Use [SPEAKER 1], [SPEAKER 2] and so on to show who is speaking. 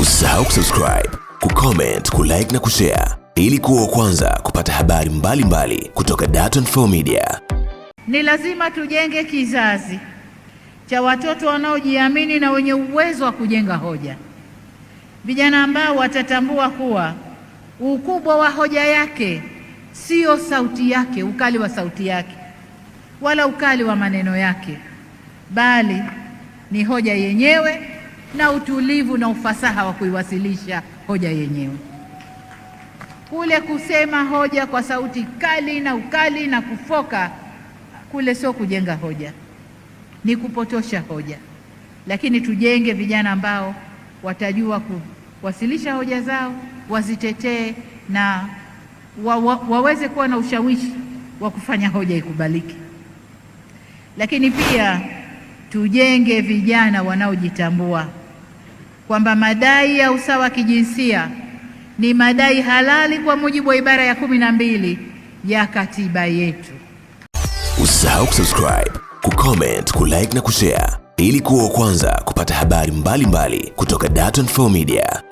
[SPEAKER 1] Usisahau kusubscribe, kucomment, kulike na kushare ili kuwa kwanza kupata habari mbalimbali mbali kutoka Dar24 Media.
[SPEAKER 2] Ni lazima tujenge kizazi cha watoto wanaojiamini na wenye uwezo wa kujenga hoja, vijana ambao watatambua kuwa ukubwa wa hoja yake sio sauti yake, ukali wa sauti yake, wala ukali wa maneno yake, bali ni hoja yenyewe na utulivu na ufasaha wa kuiwasilisha hoja yenyewe. Kule kusema hoja kwa sauti kali na ukali na kufoka kule sio kujenga hoja, ni kupotosha hoja. Lakini tujenge vijana ambao watajua kuwasilisha hoja zao, wazitetee na wa, wa, waweze kuwa na ushawishi wa kufanya hoja ikubaliki. Lakini pia tujenge vijana wanaojitambua kwamba madai ya usawa wa kijinsia ni madai halali kwa mujibu wa ibara ya kumi na mbili ya katiba yetu.
[SPEAKER 1] Usisahau kusubscribe, kucomment, kulike na kushare ili kuwa wa kwanza kupata habari mbalimbali mbali kutoka Dar24 Media.